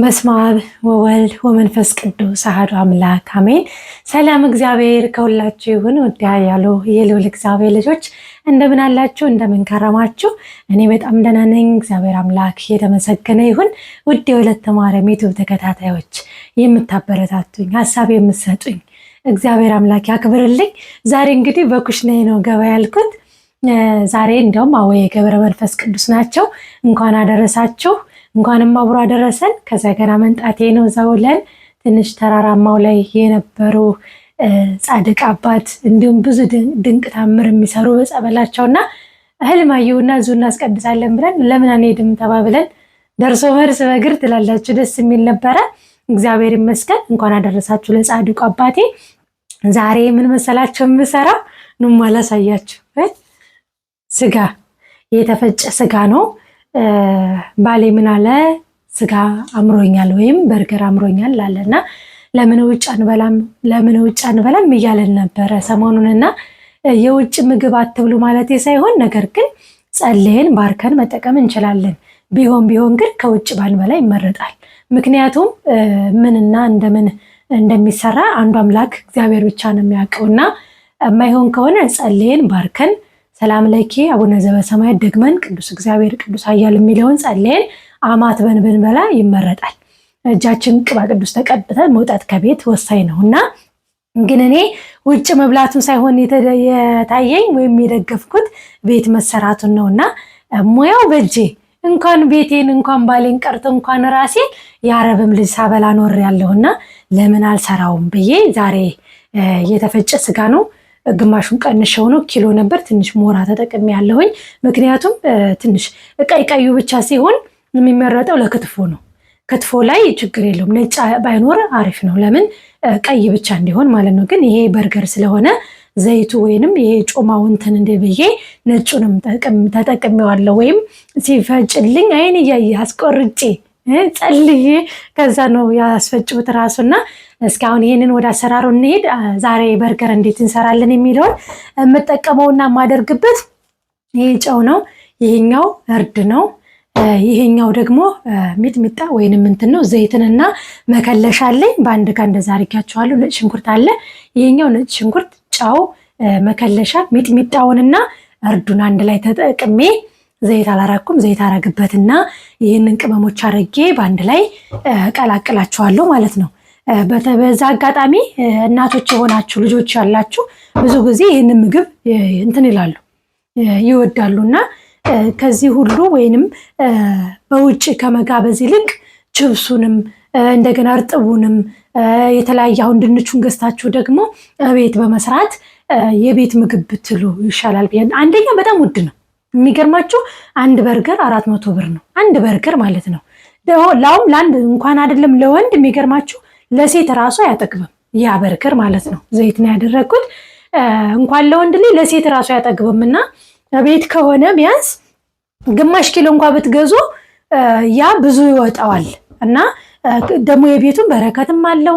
በስመ አብ ወወልድ ወመንፈስ ቅዱስ አሐዱ አምላክ አሜን። ሰላም እግዚአብሔር ከሁላችሁ ይሁን። ወዲያ ያሉ የልዑል እግዚአብሔር ልጆች እንደምን አላችሁ? እንደምን ከረማችሁ? እኔ በጣም ደህና ነኝ። እግዚአብሔር አምላክ የተመሰገነ ይሁን። ውድ የሁለት ማርያም ዩቲዩብ ተከታታዮች የምታበረታቱኝ፣ ሀሳብ የምትሰጡኝ እግዚአብሔር አምላክ ያክብርልኝ። ዛሬ እንግዲህ በኩሽናዬ ነው ገባ ያልኩት። ዛሬ እንዲያውም አወ የገብረ መንፈስ ቅዱስ ናቸው። እንኳን አደረሳችሁ እንኳንም አብሮ አደረሰን። ከዚ ሀገር ነው ዘውለን ትንሽ ተራራማው ላይ የነበሩ ጻድቅ አባት እንዲሁም ብዙ ድንቅ ታምር የሚሰሩ በጸበላቸውና እህልማየውና እዙ እናስቀድሳለን ብለን ለምን አንሄድም ተባብለን ደርሶ መርስ በእግር ትላላችሁ ደስ የሚል ነበረ። እግዚአብሔር ይመስገን እንኳን አደረሳችሁ ለጻድቁ አባቴ። ዛሬ ምን መሰላቸው የምሰራው? ኑም ስጋ የተፈጨ ስጋ ነው። ባሌ ምን አለ ስጋ አምሮኛል ወይም በርገር አምሮኛል ላለና ለምን ውጭ አንበላም ለምን ውጭ አንበላም እያለን ነበረ ሰሞኑንና የውጭ ምግብ አትብሉ ማለት ሳይሆን ነገር ግን ጸልየን ባርከን መጠቀም እንችላለን። ቢሆን ቢሆን ግን ከውጭ ባንበላ ይመረጣል። ምክንያቱም ምንና እንደምን እንደሚሰራ አንዱ አምላክ እግዚአብሔር ብቻ ነው የሚያውቀውና የማይሆን ከሆነ ጸልየን ባርከን ሰላም ለኪ አቡነ ዘበሰማያት ደግመን ቅዱስ እግዚአብሔር ቅዱስ ኃያል የሚለውን ጸልየን አማት በንብን በላ ይመረጣል። እጃችን ቅባ ቅዱስ ተቀብተን መውጣት ከቤት ወሳኝ ነው እና ግን እኔ ውጭ መብላቱን ሳይሆን የታየኝ ወይም የደገፍኩት ቤት መሰራቱን ነው እና ሙያው በእጄ እንኳን ቤቴን እንኳን ባሌን ቀርቶ እንኳን ራሴን የአረብም ልጅ ሳበላ ኖር ያለሁና ለምን አልሰራውም ብዬ ዛሬ የተፈጨ ስጋ ነው ግማሹን ቀንሸው ነው ኪሎ ነበር። ትንሽ ሞራ ተጠቅሜ ያለሁኝ ምክንያቱም ትንሽ ቀይ ቀዩ ብቻ ሲሆን የሚመረጠው ለክትፎ ነው። ክትፎ ላይ ችግር የለውም ነጭ ባይኖር አሪፍ ነው። ለምን ቀይ ብቻ እንዲሆን ማለት ነው። ግን ይሄ በርገር ስለሆነ ዘይቱ ወይንም ይሄ ጮማው እንትን እንደ ብዬ ነጩንም ተጠቅሜዋለሁ። ወይም ሲፈጭልኝ አይን እያየ አስቆርጬ ጸልዬ ከዛ ነው ያስፈጭሁት ራሱና እስካሁን ይህንን ወደ አሰራሩ እንሄድ። ዛሬ በርገር እንዴት እንሰራለን የሚለውን የምጠቀመውና የማደርግበት ይህ ጨው ነው። ይሄኛው እርድ ነው። ይሄኛው ደግሞ ሚጥሚጣ ወይንም እንትን ነው። ዘይትንና መከለሻ አለኝ። በአንድ ጋር እንደዛ አድርጊያቸዋለሁ። ነጭ ሽንኩርት አለ። ይሄኛው ነጭ ሽንኩርት፣ ጨው፣ መከለሻ፣ ሚጥሚጣውንና እርዱን አንድ ላይ ተጠቅሜ ዘይት አላረኩም። ዘይት አረግበትና ይህንን ቅመሞች አረጌ በአንድ ላይ ቀላቅላቸዋለሁ ማለት ነው። በዛ አጋጣሚ እናቶች የሆናችሁ ልጆች ያላችሁ ብዙ ጊዜ ይህንን ምግብ እንትን ይላሉ ይወዳሉ እና ከዚህ ሁሉ ወይንም በውጭ ከመጋበዝ ይልቅ ችብሱንም እንደገና እርጥቡንም የተለያየ አሁን ድንቹን ገዝታችሁ ደግሞ ቤት በመስራት የቤት ምግብ ብትሉ ይሻላል። አንደኛ በጣም ውድ ነው። የሚገርማችሁ አንድ በርገር አራት መቶ ብር ነው። አንድ በርገር ማለት ነው። ላውም ለአንድ እንኳን አይደለም ለወንድ የሚገርማችሁ ለሴት ራሱ አያጠግብም። ያ ማለት ነው ዘይት ነው ያደረግኩት። እንኳን ለወንድ ላይ ለሴት ራሱ አያጠግብም እና ቤት ከሆነ ቢያንስ ግማሽ ኪሎ እንኳ ብትገዙ ያ ብዙ ይወጣዋል እና ደግሞ የቤቱን በረከትም አለው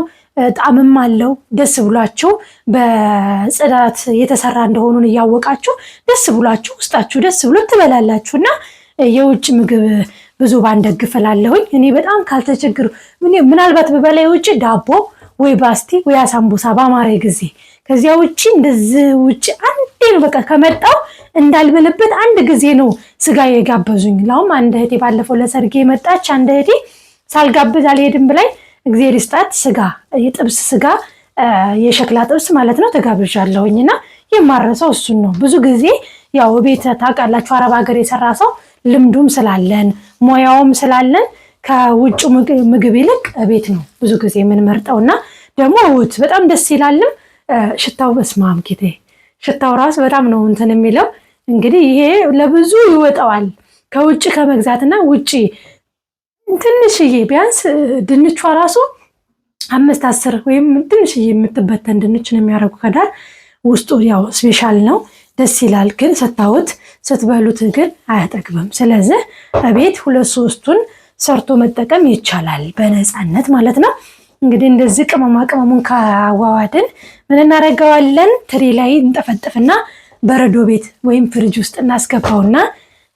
ጣዕምም አለው። ደስ ብሏችሁ በጽዳት የተሰራ እንደሆኑን እያወቃችሁ ደስ ብሏችሁ ውስጣችሁ ደስ ብሎ ትበላላችሁ እና የውጭ ምግብ ብዙ ባንደግፈላለሁኝ እኔ በጣም ካልተቸግሩ ምናልባት በበላይ ውጭ ዳቦ ወይ ባስቲ ወይ አሳምቡሳ በአማረ ጊዜ ከዚያ ውጭ እንደዚህ ውጭ አንዴ ነው በቃ ከመጣው እንዳልበለበት አንድ ጊዜ ነው ስጋ የጋበዙኝ። ላሁም አንድ እህቴ ባለፈው ለሰርጌ የመጣች አንድ እህቴ ሳልጋብዝ አልሄድም ብላይ እግዜር ይስጣት ስጋ የጥብስ ስጋ የሸክላ ጥብስ ማለት ነው ተጋብዣለሁኝ እና የማረሰው እሱን ነው ብዙ ጊዜ ያው ቤት ታውቃላችሁ፣ አረብ ሀገር የሰራ ሰው ልምዱም ስላለን ሙያውም ስላለን ከውጭ ምግብ ይልቅ ቤት ነው ብዙ ጊዜ የምንመርጠው እና ደግሞ ውት በጣም ደስ ይላልም። ሽታው በስማም ጌቴ ሽታው ራሱ በጣም ነው እንትን የሚለው እንግዲህ ይሄ ለብዙ ይወጣዋል ከውጭ ከመግዛትና ውጭ ትንሽዬ ቢያንስ ድንቿ ራሱ አምስት አስር ወይም ትንሽዬ የምትበተን ድንች ነው የሚያደርጉ ከዳር ውስጡ ያው ስፔሻል ነው። ደስ ይላል፣ ግን ስታዩት ስትበሉት ግን አያጠግብም። ስለዚህ እቤት ሁለት ሶስቱን ሰርቶ መጠቀም ይቻላል በነፃነት ማለት ነው። እንግዲህ እንደዚህ ቅመማ ቅመሙን ካዋዋድን ምን እናደርገዋለን? ትሪ ላይ እንጠፈጥፍና በረዶ ቤት ወይም ፍሪጅ ውስጥ እናስገባውና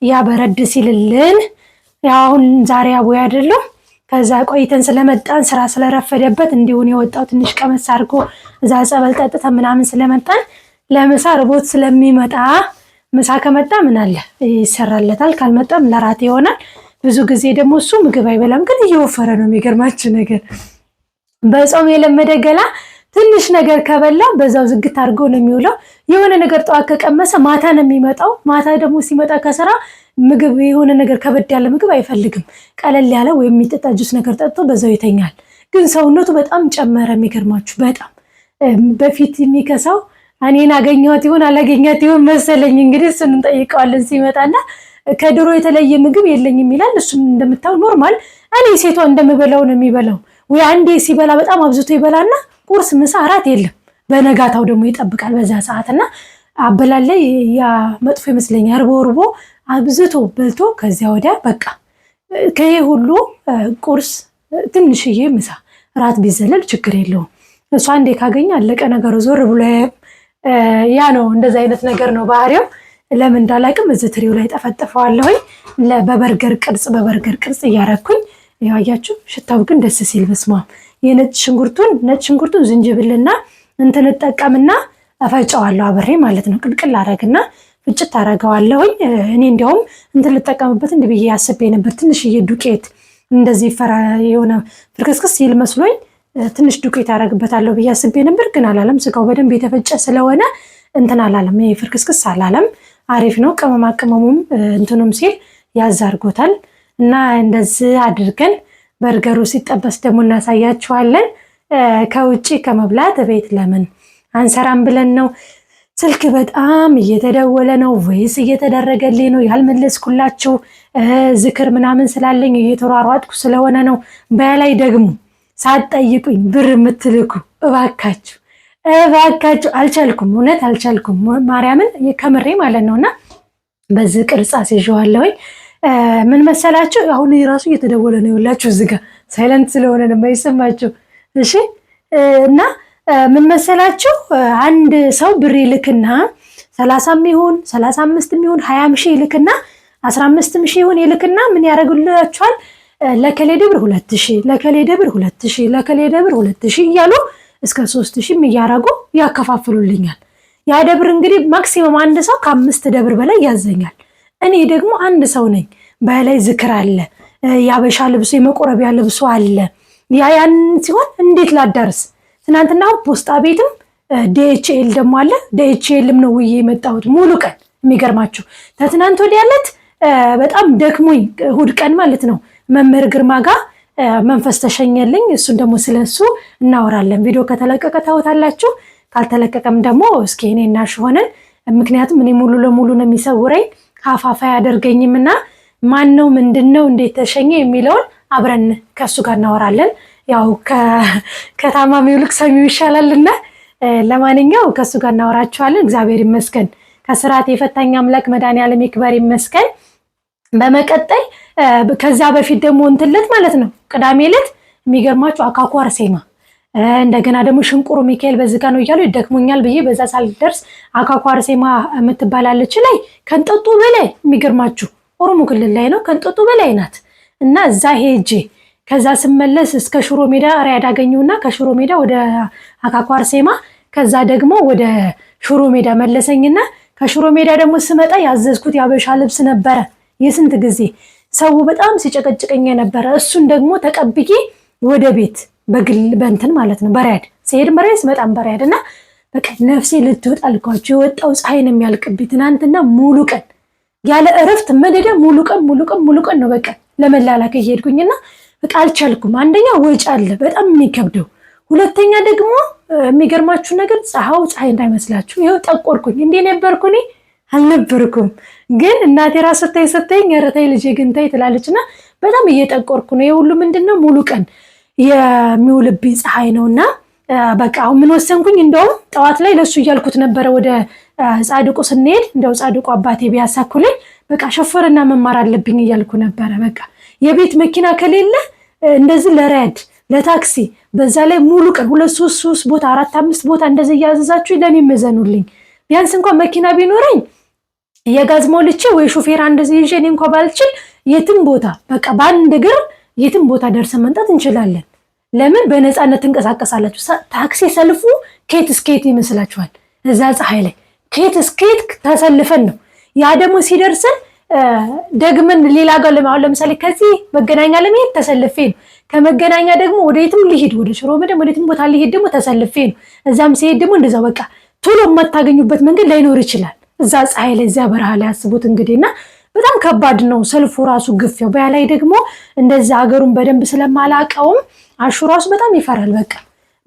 ያ በረድ ሲልልን አሁን ዛሬ አቦ አይደለም። ከዛ ቆይተን ስለመጣን ስራ ስለረፈደበት እንዲሁን የወጣው ትንሽ ቀመስ አድርጎ እዛ ጸበል ጠጥተን ምናምን ስለመጣን ለምሳ ርቦት ስለሚመጣ ምሳ ከመጣ ምን አለ ይሰራለታል፣ ካልመጣም ለራት ይሆናል። ብዙ ጊዜ ደግሞ እሱ ምግብ አይበላም፣ ግን እየወፈረ ነው። የሚገርማችሁ ነገር በጾም የለመደ ገላ ትንሽ ነገር ከበላ በዛው ዝግት አድርጎ ነው የሚውለው። የሆነ ነገር ጠዋት ከቀመሰ ማታ ነው የሚመጣው። ማታ ደግሞ ሲመጣ ከስራ ምግብ የሆነ ነገር ከበድ ያለ ምግብ አይፈልግም። ቀለል ያለ ወይም የሚጠጣ ጁስ ነገር ጠጥቶ በዛው ይተኛል። ግን ሰውነቱ በጣም ጨመረ። የሚገርማችሁ በጣም በፊት የሚከሳው እኔን አገኘኋት ይሆን አላገኛት ይሆን መሰለኝ። እንግዲህ እሱን እንጠይቀዋለን ሲመጣና ከድሮ የተለየ ምግብ የለኝም ይላል። እሱም እንደምታው ኖርማል፣ እኔ ሴቷ እንደምበላው ነው የሚበላው። ወይ አንዴ ሲበላ በጣም አብዝቶ ይበላና ቁርስ፣ ምሳ፣ እራት የለም። በነጋታው ደግሞ ይጠብቃል በዛ ሰዓት እና አበላለ ላይ ያ መጥፎ ይመስለኛል። እርቦ እርቦ አብዝቶ በልቶ ከዚያ ወዲያ በቃ ከይህ ሁሉ ቁርስ፣ ትንሽዬ ምሳ፣ እራት ቢዘለል ችግር የለውም። እሷ አንዴ ካገኘ አለቀ ነገሩ ዞር ብሎ ያ ነው እንደዚህ አይነት ነገር ነው ባህሪው። ለምን እንዳላቅም እዚህ ትሪው ላይ ጠፈጥፈዋለሁኝ በበርገር ቅርጽ በበርገር ቅርጽ እያረኩኝ ያያችሁ። ሽታው ግን ደስ ሲል በስማ የነጭ ሽንኩርቱን ነጭ ሽንኩርቱን ዝንጅብልና እንትን እጠቀምና እፈጨዋለሁ አብሬ ማለት ነው። ቅልቅል አረግና ፍጭት አረገዋለሁኝ። እኔ እንዲያውም እንትን ልጠቀምበት እንዲህ ብዬ ያስቤ ነበር። ትንሽዬ ዱቄት እንደዚህ ፈራ የሆነ ፍርክስክስ ሲል መስሎኝ ትንሽ ዱቄት አረግበታለሁ ብዬ አስቤ ነበር፣ ግን አላለም። ስጋው በደንብ የተፈጨ ስለሆነ እንትን አላለም፣ ፍርክስክስ አላለም። አሪፍ ነው። ቅመማ ቅመሙም እንትኑም ሲል ያዝ አድርጎታል። እና እንደዚህ አድርገን በርገሩ ሲጠበስ ደግሞ እናሳያችኋለን። ከውጭ ከመብላት ቤት ለምን አንሰራም ብለን ነው። ስልክ በጣም እየተደወለ ነው ወይስ እየተደረገልኝ ነው ያልመለስኩላችሁ? ዝክር ምናምን ስላለኝ እየተሯሯጥኩ ስለሆነ ነው። በላይ ደግሞ ሳትጠይቁኝ ብር የምትልኩ እባካችሁ እባካችሁ አልቻልኩም፣ እውነት አልቻልኩም። ማርያምን ከምሬ ማለት ነው። እና በዚህ ቅርጻ ሲዤዋለሁኝ ምን መሰላችሁ? አሁን የራሱ እየተደወለ ነው የወላችሁ እዚህ ጋር ሳይለንት ስለሆነ ነው የማይሰማችሁ። እሺ። እና ምን መሰላችሁ? አንድ ሰው ብር ይልክና ሰላሳ ሚሆን ሰላሳ አምስት ሚሆን ሀያም ሺህ ይልክና አስራ አምስትም ሺህ ይሁን ይልክና ምን ያደርግላችኋል? ለከሌ ደብር ሁለት ሺህ ለከሌ ደብር ሁለት ለከሌ ደብር ሁለት ሺህ እያሉ እስከ ሶስት ሺህም እያረጉ ያከፋፍሉልኛል። ያ ደብር እንግዲህ ማክሲመም አንድ ሰው ከአምስት ደብር በላይ ያዘኛል። እኔ ደግሞ አንድ ሰው ነኝ። በላይ ዝክር አለ፣ የአበሻ ልብሶ የመቆረቢያ ልብሶ አለ። ያ ያን ሲሆን እንዴት ላዳርስ? ትናንትና ፖስታ ቤትም ዲኤችኤል ደግሞ አለ። ዲኤችኤልም ነው ውዬ የመጣሁት ሙሉ ቀን የሚገርማችሁ። ከትናንት ወዲያ ዕለት በጣም ደክሞኝ እሑድ ቀን ማለት ነው መምህር ግርማ ጋር መንፈስ ተሸኘልኝ። እሱን ደግሞ ስለሱ እናወራለን። ቪዲዮ ከተለቀቀ ታወታላችሁ፣ ካልተለቀቀም ደግሞ እስኪ እኔ እናሽ ሆነን ምክንያቱም እኔ ሙሉ ለሙሉ ነው የሚሰውረኝ ሀፋፋ ያደርገኝም እና ማን ነው ምንድን ነው እንዴት ተሸኘ የሚለውን አብረን ከእሱ ጋር እናወራለን። ያው ከታማሚው ልቅ ሰሚው ይሻላልና ለማንኛው ከእሱ ጋር እናወራችኋለን። እግዚአብሔር ይመስገን ከስርዓት የፈታኝ አምላክ መድኃኔዓለም ይክበር ይመስገን። በመቀጠል ከዛ በፊት ደግሞ እንትለት ማለት ነው ቅዳሜ ዕለት የሚገርማችሁ አካኩ አርሴማ እንደገና ደግሞ ሽንቁሩ ሚካኤል በዚህ ቀን ነው እያሉ ይደክሙኛል ብዬ በዛ ሳልደርስ አካኩ አርሴማ የምትባላለች ላይ ከንጠጡ በላይ የሚገርማችሁ ኦሮሞ ክልል ላይ ነው ከንጠጡ በላይ ናት እና እዛ ሄጄ ከዛ ስመለስ እስከ ሽሮ ሜዳ ሪያድ እና ከሽሮ ሜዳ ወደ አካኩ አርሴማ ከዛ ደግሞ ወደ ሽሮ ሜዳ መለሰኝና ከሽሮ ሜዳ ደግሞ ስመጣ ያዘዝኩት ያበሻ ልብስ ነበረ የስንት ጊዜ ሰው በጣም ሲጨቀጭቀኝ የነበረ እሱን ደግሞ ተቀብዬ ወደ ቤት በግል በንትን ማለት ነው በሪያድ ሲሄድ መሬት በጣም በሪያድ እና በቃ ነፍሴ ልትወጣ አልኳቸው። የወጣው ፀሐይ ነው የሚያልቅብኝ። ትናንትና ሙሉ ቀን ያለ እረፍት መደዳ ሙሉ ቀን ሙሉ ቀን ሙሉ ቀን ነው በቃ ለመላላክ እየሄድኩኝና በቃ አልቻልኩም። አንደኛ ወጪ አለ በጣም የሚከብደው፣ ሁለተኛ ደግሞ የሚገርማችሁ ነገር ፀሐው ፀሐይ እንዳይመስላችሁ ይኸው ጠቆርኩኝ። እንዲህ ነበርኩ እኔ አልነበርኩም ግን እናቴ ራስ ስታይ ሰታኝ ረታይ ልጄ ግን ታይ ትላለች እና በጣም እየጠቆርኩ ነው። የሁሉ ምንድን ነው ሙሉ ቀን የሚውልብኝ ፀሐይ ነው እና በቃ አሁን ምን ወሰንኩኝ፣ እንደውም ጠዋት ላይ ለሱ እያልኩት ነበረ ወደ ጻድቁ ስንሄድ እንደው ጻድቁ አባቴ ቢያሳኩልኝ በቃ ሾፈርና መማር አለብኝ እያልኩ ነበረ። በቃ የቤት መኪና ከሌለ እንደዚህ ለረድ ለታክሲ በዛ ላይ ሙሉ ቀን ሁለት ሶስት ሶስት ቦታ አራት አምስት ቦታ እንደዚህ እያዘዛችሁ ለእኔ መዘኑልኝ ቢያንስ እንኳን መኪና ቢኖረኝ የጋዝ ሞልቼ ወይ ሾፌራ እንደዚህ ይዤ እኔ እንኳ ባልችል የትም ቦታ በቃ በአንድ እግር የትም ቦታ ደርሰን መምጣት እንችላለን። ለምን በነፃነት ትንቀሳቀሳላችሁ። ታክሲ ሰልፉ ኬት እስኬት ይመስላችኋል? እዛ ፀሐይ ላይ ኬት እስኬት ተሰልፈን ነው። ያ ደግሞ ሲደርሰን ደግመን ሌላ ጋር ለማሁን ለምሳሌ ከዚህ መገናኛ ለመሄድ ተሰልፌ ነው። ከመገናኛ ደግሞ ወደ የትም ሊሄድ ወደ ሽሮ መደም ወደ የትም ቦታ ሊሄድ ደግሞ ተሰልፌ ነው። እዛም ሲሄድ ደግሞ እንደዛው በቃ ቶሎ የማታገኙበት መንገድ ላይኖር ይችላል። እዛ ፀሐይ ላይ እዚያ በረሃ ላይ ያስቡት እንግዲህ እና በጣም ከባድ ነው ሰልፉ ራሱ ግፊያው። በያ ላይ ደግሞ እንደዚ ሀገሩን በደንብ ስለማላቀውም አሹ ራሱ በጣም ይፈራል። በቃ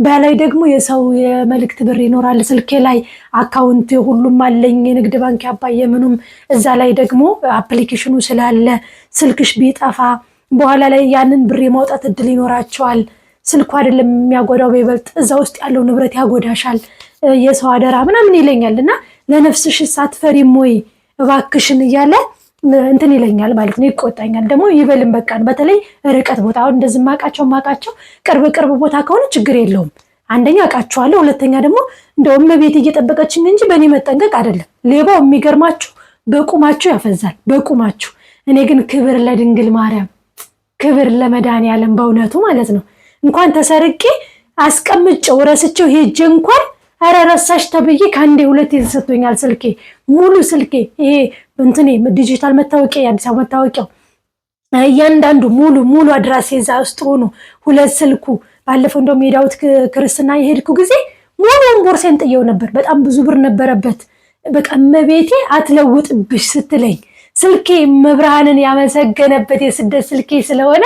በያ ላይ ደግሞ የሰው የመልእክት ብር ይኖራል ስልኬ ላይ አካውንት ሁሉም አለኝ የንግድ ባንክ ያባየ ምኑም እዛ ላይ ደግሞ አፕሊኬሽኑ ስላለ ስልክሽ ቢጠፋ በኋላ ላይ ያንን ብር የማውጣት እድል ይኖራቸዋል። ስልኩ አይደለም የሚያጎዳው በይበልጥ እዛ ውስጥ ያለው ንብረት ያጎዳሻል። የሰው አደራ ምናምን ይለኛል እና ለነፍስሽ ሳትፈሪም ወይ እባክሽን እያለ እንትን ይለኛል ማለት ነው። ይቆጣኛል ደግሞ ይበልም በቃን። በተለይ ርቀት ቦታ አሁን እንደዚህ ማቃቸው ማቃቸው ቅርብ ቅርብ ቦታ ከሆነ ችግር የለውም። አንደኛ አውቃቸዋለሁ፣ ሁለተኛ ደግሞ እንደውም ቤት እየጠበቀችኝ እንጂ በእኔ መጠንቀቅ አይደለም። ሌባው የሚገርማችሁ በቁማችሁ ያፈዛል፣ በቁማችሁ። እኔ ግን ክብር ለድንግል ማርያም፣ ክብር ለመድኃኔዓለም በእውነቱ ማለት ነው። እንኳን ተሰርቄ አስቀምጨው ረስቸው ሄጄ እንኳን ኧረ ረሳሽ ተብዬ ከአንዴ ሁለቴ ተሰጥቶኛል። ስልኬ ሙሉ ስልኬ ይሄ እንትኔ ዲጂታል መታወቂያ የአዲስ አበባ መታወቂያው እያንዳንዱ ሙሉ ሙሉ አድራሴ እዛ ውስጥ ሆኖ ሁለት ስልኩ ባለፈው እንደውም የዳዊት ክርስትና የሄድኩ ጊዜ ሙሉውን ቦርሴን ጥየው ነበር። በጣም ብዙ ብር ነበረበት። በቃ እመቤቴ አትለውጥብሽ ስትለኝ ስልኬ መብርሃንን ያመሰገነበት የስደት ስልኬ ስለሆነ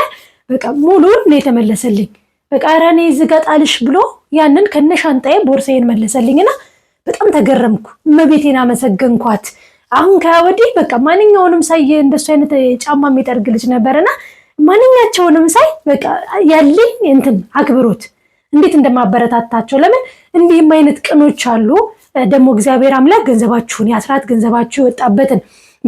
በቃ ሙሉን ነው የተመለሰልኝ። በቃ ኧረ እኔ እዚህ ጋ ጣልሽ ብሎ ያንን ከነ ሻንጣዬ ቦርሳዬን መለሰልኝና በጣም ተገረምኩ። እመቤቴን አመሰገንኳት። አሁን ከያ በቃ ማንኛውንም ሳይ እንደሱ አይነት ጫማ የሚጠርግ ልጅ ነበረና ማንኛቸውንም ሳይ በቃ ያለኝ እንትን አክብሮት እንዴት እንደማበረታታቸው ለምን እንዲህም አይነት ቅኖች አሉ። ደግሞ እግዚአብሔር አምላክ ገንዘባችሁን የአስራት ገንዘባችሁ የወጣበትን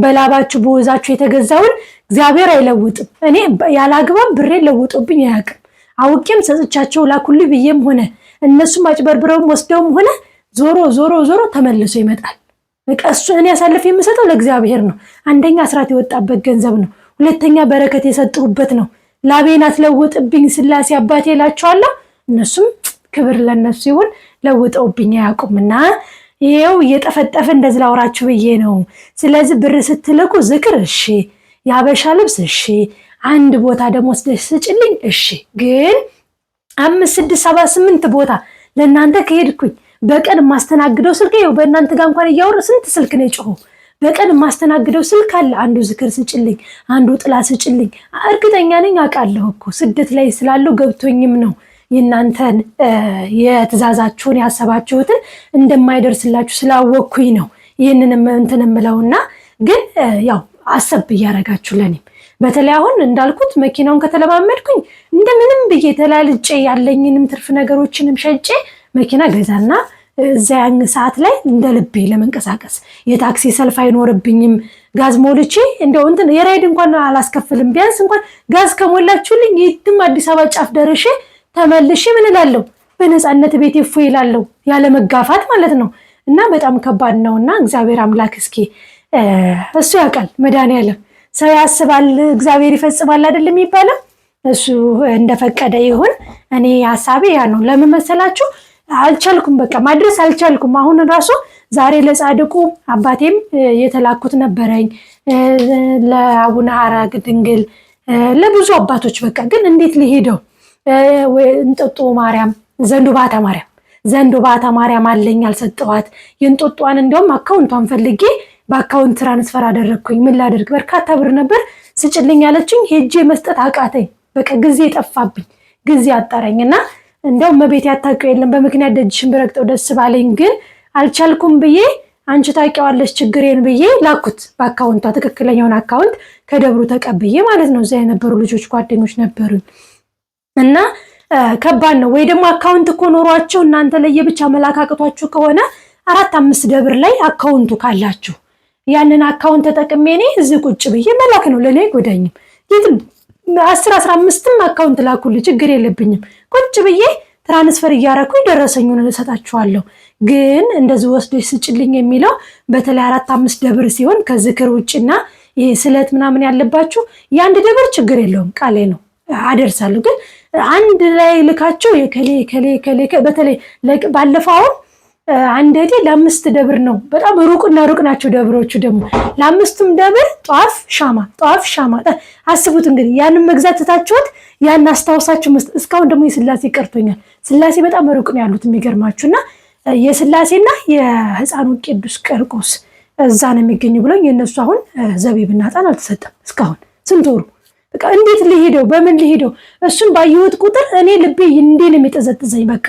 በላባችሁ በወዛችሁ የተገዛውን እግዚአብሔር አይለውጥም። እኔ ያለ አግባብ ብሬ ለውጦብኝ አያውቅም። አውቄም ሰጥቻቸው ላኩል ብዬም ሆነ እነሱም አጭበርብረውም ወስደውም ሆነ ዞሮ ዞሮ ዞሮ ተመልሶ ይመጣል። በቃ እሱ እኔ አሳልፍ የምሰጠው ለእግዚአብሔር ነው። አንደኛ አስራት የወጣበት ገንዘብ ነው። ሁለተኛ በረከት የሰጥሁበት ነው። ላቤን አትለውጥብኝ ስላሴ አባቴ እላቸዋለሁ። እነሱም ክብር ለነሱ ይሁን ለውጠውብኝ አያውቁምና ይሄው እየጠፈጠፈ እንደዚህ ላውራችሁ ብዬ ነው። ስለዚህ ብር ስትልኩ ዝክር እሺ፣ የአበሻ ልብስ እሺ፣ አንድ ቦታ ደግሞ ስጭልኝ፣ እሺ። ግን አምስት ስድስት ሰባት ስምንት ቦታ ለእናንተ ከሄድኩኝ በቀን የማስተናግደው ስልክ ይኸው በእናንተ ጋር እንኳን እያወረ ስንት ስልክ ነው የጮሁ በቀን የማስተናግደው ስልክ አለ። አንዱ ዝክር ስጭልኝ፣ አንዱ ጥላ ስጭልኝ። እርግጠኛ ነኝ አውቃለሁ እኮ ስደት ላይ ስላለው ገብቶኝም ነው የእናንተን የትእዛዛችሁን ያሰባችሁትን እንደማይደርስላችሁ ስላወቅኩኝ ነው ይህንን እንትን ግን ያው አሰብ እያደረጋችሁ ለኔም በተለይ አሁን እንዳልኩት መኪናውን ከተለማመድኩኝ እንደምንም ብዬ ተላልጬ ያለኝንም ትርፍ ነገሮችንም ሸጬ መኪና ገዛና እዚያን ሰዓት ላይ እንደ ልቤ ለመንቀሳቀስ የታክሲ ሰልፍ አይኖርብኝም። ጋዝ ሞልቼ እንደው እንትን የራይድ እንኳን አላስከፍልም። ቢያንስ እንኳን ጋዝ ከሞላችሁልኝ የትም አዲስ አበባ ጫፍ ደርሼ ተመልሼ ምን እላለሁ በነፃነት ቤቴ እፎይ ይላለው ያለ መጋፋት ማለት ነው። እና በጣም ከባድ ነው እና እግዚአብሔር አምላክ እስኪ እሱ ያውቃል መድኃኒዓለም ሰው ያስባል እግዚአብሔር ይፈጽማል አይደል የሚባለው። እሱ እንደፈቀደ ይሁን። እኔ ሀሳቤ ያ ነው። ለምን መሰላችሁ? አልቻልኩም፣ በቃ ማድረስ አልቻልኩም። አሁን ራሱ ዛሬ ለጻድቁ አባቴም የተላኩት ነበረኝ ለአቡነ ሐራ ድንግል ለብዙ አባቶች በቃ ግን እንዴት ሊሄደው እንጦጦ ማርያም ዘንዱ ባታ ማርያም ዘንዱ ባታ ማርያም አለኝ አልሰጠዋት የእንጦጧን እንደውም አካውንቷን ፈልጌ በአካውንት ትራንስፈር አደረግኩኝ። ምን ላደርግ? በርካታ ብር ነበር ስጭልኝ ያለችኝ። ሄጄ መስጠት አቃተኝ። በቃ ጊዜ ጠፋብኝ፣ ጊዜ አጠረኝ እና እንደው መቤት ያታውቀው የለም በምክንያት ደጅሽን ብረግጠው ደስ ባለኝ፣ ግን አልቻልኩም ብዬ አንቺ ታውቂዋለሽ ችግሬን ብዬ ላኩት። በአካውንቷ ትክክለኛውን አካውንት ከደብሩ ተቀብዬ ማለት ነው። እዚያ የነበሩ ልጆች ጓደኞች ነበሩኝ እና ከባድ ነው ወይ ደግሞ አካውንት እኮ ኖሯቸው እናንተ ለየብቻ መላክ አቅቷችሁ ከሆነ አራት አምስት ደብር ላይ አካውንቱ ካላችሁ ያንን አካውንት ተጠቅሜ እኔ እዚህ ቁጭ ብዬ መላክ ነው። ለእኔ ጎዳኝም የትም አስር አስራ አምስትም አካውንት ላኩልኝ፣ ችግር የለብኝም። ቁጭ ብዬ ትራንስፈር እያረኩኝ ደረሰኙን እሰጣችኋለሁ። ግን እንደዚህ ወስዶች ስጭልኝ የሚለው በተለይ አራት አምስት ደብር ሲሆን ከዝክር ውጭና ይሄ ስዕለት ምናምን ያለባችሁ የአንድ ደብር ችግር የለውም፣ ቃሌ ነው አደርሳለሁ። ግን አንድ ላይ ልካቸው የከሌ ከሌ ከሌ በተለይ ባለፈው አሁን አንደቴ ለአምስት ደብር ነው። በጣም ሩቅና ሩቅ ናቸው ደብሮቹ ደግሞ። ለአምስቱም ደብር ጧፍ፣ ሻማ፣ ጧፍ፣ ሻማ። አስቡት እንግዲህ ያንን መግዛት ትታችሁት ያን አስታውሳችሁ መስጠት። እስካሁን ደግሞ የስላሴ ቀርቶኛል። ስላሴ በጣም ሩቅ ነው ያሉት የሚገርማችሁ እና የስላሴና የህፃኑ ቅዱስ ቂርቆስ እዛ ነው የሚገኙ ብለው የእነሱ አሁን ዘቤ ብናጣን አልተሰጠም እስካሁን ስንት ወሩ በቃ እንዴት ልሄደው በምን ልሄደው? እሱን ባየሁት ቁጥር እኔ ልቤ እንዴ ነው የሚጠዘጥዘኝ በቃ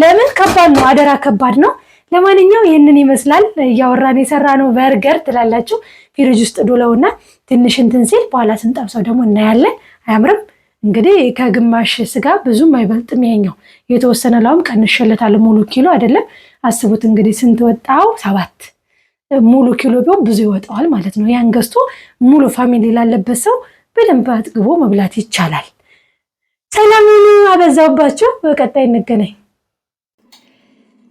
ለምን ከባድ ነው፣ አደራ ከባድ ነው። ለማንኛው ይህንን ይመስላል እያወራን የሰራ ነው በርገር ትላላችሁ። ፊሪጅ ውስጥ ዶለውና ትንሽ እንትን ሲል በኋላ ስንጠብሰው ደግሞ እናያለን። አያምርም? እንግዲህ ከግማሽ ስጋ ብዙም አይበልጥም ይሄኛው። የተወሰነ ላውም ቀንሼለታለሁ። ሙሉ ኪሎ አይደለም አስቡት እንግዲህ ስንት ወጣው? ሰባት ሙሉ ኪሎ ቢሆን ብዙ ይወጣዋል ማለት ነው። ያን ገዝቶ ሙሉ ፋሚሊ ላለበት ሰው በደንብ አጥግቦ መብላት ይቻላል። ሰላምን አበዛውባችሁ። በቀጣይ እንገናኝ።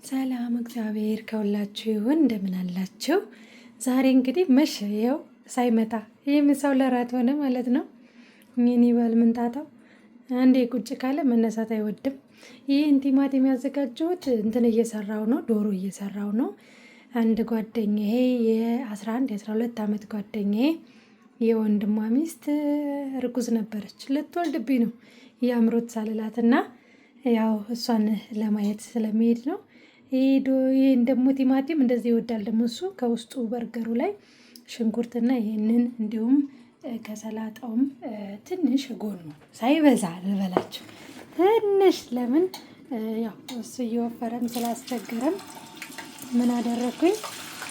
ሰላም እግዚአብሔር ከሁላችሁ እንደምን አላችሁ? ዛሬ እንግዲህ መሸየው ሳይመጣ ይህም ሰው ለራት ሆነ ማለት ነው። ምን ይበል ምንጣጣው አንዴ ቁጭ ካለ መነሳት አይወድም። ይህን ቲማቲም የሚያዘጋጀሁት እንትን እየሰራው ነው፣ ዶሮ እየሰራው ነው። አንድ ጓደኛዬ የ11 የ12 ዓመት ጓደኛ የወንድሟ ሚስት እርጉዝ ነበረች፣ ልትወልድብኝ ነው የአምሮት ሳልላት እና ያው እሷን ለማየት ስለሚሄድ ነው ይህን ደግሞ ቲማቲም እንደዚህ ይወዳል። ደግሞ እሱ ከውስጡ በርገሩ ላይ ሽንኩርትና ይህንን እንዲሁም ከሰላጣውም ትንሽ ጎኑ ሳይበዛ ልበላቸው ትንሽ ለምን ያው እሱ እየወፈረም ስላስቸገረም ምን አደረግኩኝ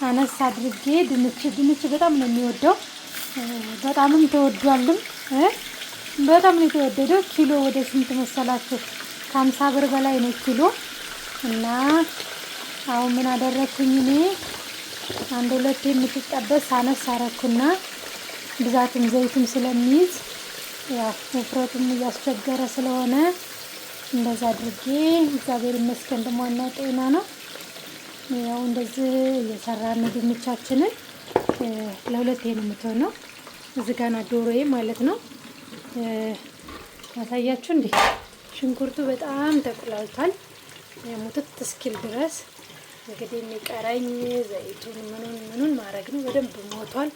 አነስ አድርጌ ድንች ድንች በጣም ነው የሚወደው። በጣምም ተወዷልም በጣም ነው የተወደደው። ኪሎ ወደ ስንት መሰላችሁ? ከሀምሳ ብር በላይ ነው ኪሎ እና አሁን ምን አደረግኩኝ እኔ አንድ ሁለት የምትጠበስ አነስ አረኩና ብዛትም ዘይትም ስለሚይዝ ያው ውፍረቱም እያስቸገረ ስለሆነ እንደዛ አድርጌ እግዚአብሔር ይመስገን ደግሞ ዋና ጤና ነው። ያው እንደዚህ እየሰራ ነው። ድንቻችንን ለሁለት ነው የምትሆነው እዚህ ጋና ዶሮዬ ማለት ነው። ያሳያችሁ እንዴ ሽንኩርቱ በጣም ተቁላልቷል። ሙትት እስኪል ድረስ እንግዲህ የሚቀረኝ ዘይቱን ምኑን ምኑን ማድረግ ነው። በደንብ ሞቷል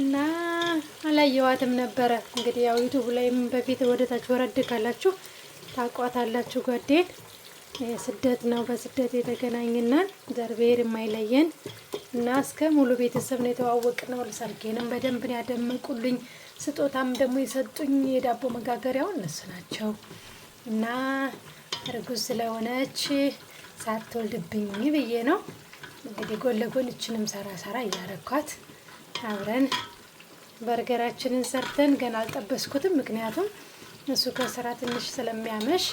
እና አላየዋትም ነበረ። እንግዲህ ያው ዩቱብ ላይም በፊት ወደ ታች ወረድ ካላችሁ ታቋታላችሁ። ጓዴን ስደት ነው፣ በስደት የተገናኝናል። ዘርቤር የማይለየን እና እስከ ሙሉ ቤተሰብ ነው የተዋወቅ ነው። በደንብ ነው ያደመቁልኝ። ስጦታም ደግሞ የሰጡኝ የዳቦ መጋገሪያውን እነሱ ናቸው እና እርጉዝ ስለሆነች ሳትወልድብኝ ብዬ ነው እንግዲህ ጎን ለጎን እችንም ሰራ ሰራ እያረኳት አብረን በርገራችንን ሰርተን ገና አልጠበስኩትም። ምክንያቱም እሱ ከስራ ትንሽ ስለሚያመሽ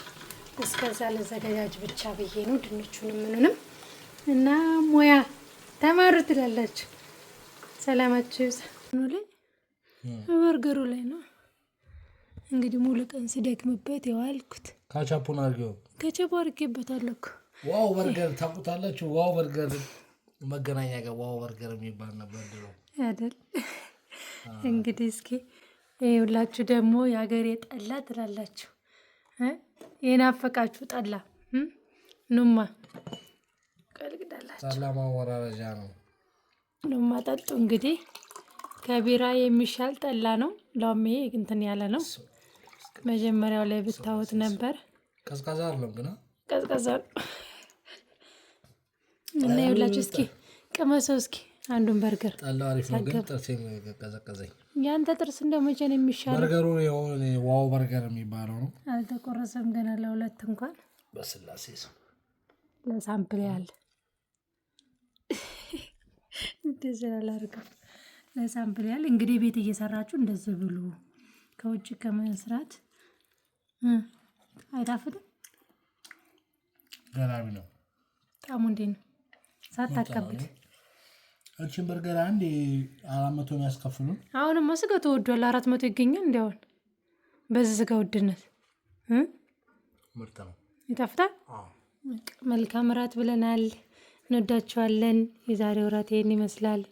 እስከዛ ለዘገጃጅ ብቻ ብዬ ነው። ድንቹንም ምኑንም እና ሙያ ተማሩ ትላላችሁ። ሰላማችሁ ይብዛ። በርገሩ ላይ ነው እንግዲህ ሙሉ ቀን ስደክምበት የዋልኩት ካቻፑን አድርጌው ከቻፑ አለኩ። ዋው በርገር ታውቁታላችሁ? ዋው በርገር መገናኛ ጋር ዋው በርገር የሚባል ነበር ድሮ አይደል? እንግዲህ እስኪ ሁላችሁ ደግሞ የሀገሬ ጠላ ትላላችሁ፣ የናፈቃችሁ ጠላ ኑማ ቀልግዳላችሁ። ጠላ ማወራረጃ ነው። ኑማ ጠጡ እንግዲህ ከቢራ የሚሻል ጠላ ነው። ሎሚ እንትን ያለ ነው። መጀመሪያው ላይ ብታወት ነበር። ቀዝቀዛ አለው ግና ቀዝቃዛ እና ይውላችሁ። እስኪ ቅመሰው እስኪ አንዱን በርገር ጠላው። አሪፍ ነው ግን ጥርሴ ቀዘቀዘኝ። ያንተ ጥርስ እንደው መቼ ነው የሚሻለው? በርገሩ ዋው በርገር የሚባለው ነው። አልተቆረሰም ገና ለሁለት እንኳን በስላሴ ሰው ለሳምፕል ያለ እንደዚህ ላላርገው ለሳምፕል ያለ እንግዲህ ቤት እየሰራችሁ እንደዚህ ብሉ ከውጭ ከመስራት አይጣፍጥም። ገራሚ ነው ጣሙ። እንዴት ነው ሳታከብድ? እችን በርገር አንድ አራት መቶ ነው ያስከፍሉን። አሁንማ ስጋ ተወዷል፣ አራት መቶ ይገኛል። እንዲያውን በዚህ ስጋ ውድነት ምርጥ ነው፣ ይጣፍጣል። መልካም እራት ብለናል። እንወዳችኋለን። የዛሬው እራት ይህን ይመስላል።